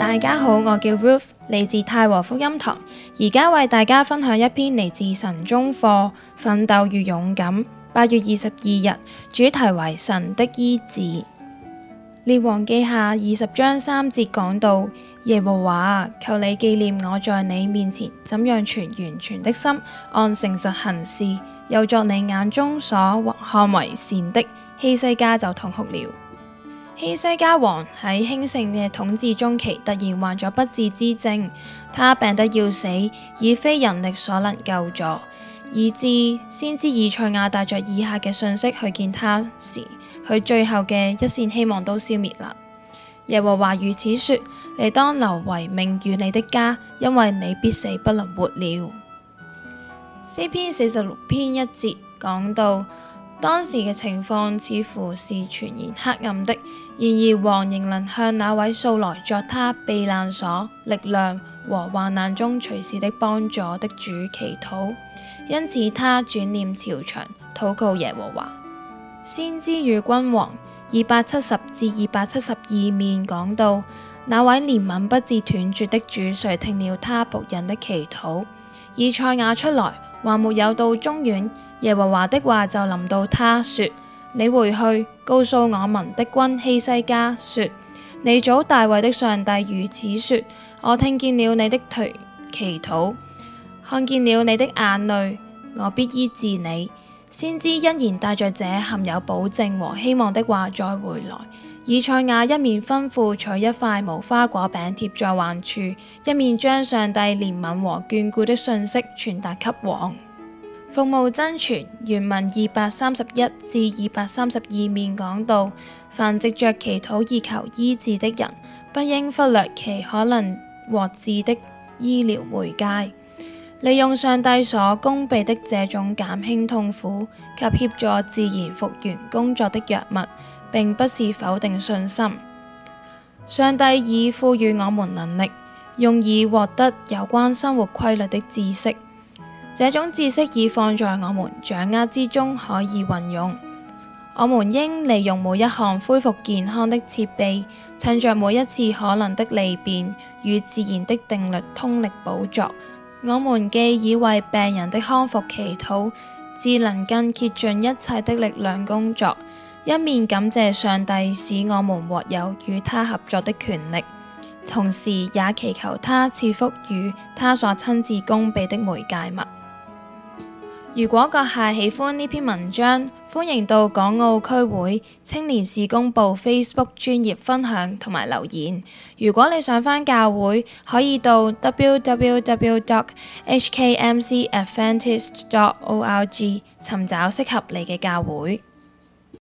大家好，我叫 Ruth，嚟自太和福音堂，而家為大家分享一篇嚟自神中課《奮鬥與勇敢》八月二十二日，主題為神的醫治。列王記下二十章三節講到：耶和華求你紀念我在你面前怎樣存完全的心，按誠實行事，又作你眼中所看為善的。希西家就痛哭了。希西家王喺興盛嘅統治中期，突然患咗不治之症，他病得要死，已非人力所能救助，以致先知以賽亞帶着以下嘅訊息去見他時，佢最後嘅一綫希望都消滅啦。耶和華如此說：你當留遺命與你的家，因為你必死不能活了。詩篇四十六篇一節講到。當時嘅情況似乎是全然黑暗的，然而王仍能向那位素來作他避難所、力量和患難中隨時的幫助的主祈禱，因此他轉臉朝牆，禱告耶和華。先知與君王二百七十至二百七十二面講到，那位憐憫不至斷絕的主垂聽了他僕人的祈禱。以賽亞出來，還沒有到中院。耶和華的話就臨到他說：你回去告訴我民的君希西家說：你祖大衛的上帝如此說：我聽見了你的祈禱，看見了你的眼淚，我必醫治你。先知欣然帶着這含有保證和希望的話再回來。以賽亞一面吩咐取一塊無花果餅貼在患處，一面將上帝憐憫和眷顧的信息傳達給王。服務真傳原文二百三十一至二百三十二面講到：「凡藉著祈禱而求醫治的人，不應忽略其可能獲治的醫療媒介。利用上帝所供備的這種減輕痛苦及協助自然復原工作的藥物，並不是否定信心。上帝已賦予我們能力，用以獲得有關生活規律的知識。」這種知識已放在我們掌握之中，可以運用。我們應利用每一項恢復健康的設備，趁着每一次可能的利便，與自然的定律通力補助。我們既已為病人的康復祈禱，自能更竭盡一切的力量工作，一面感謝上帝使我們獲有與他合作的權力，同時也祈求他賜福與他所親自供備的媒介物。如果閣下喜歡呢篇文章，歡迎到港澳區會青年事工部 Facebook 專頁分享同埋留言。如果你想返教會，可以到 www.hkmcadvantist.org 尋找適合你嘅教會。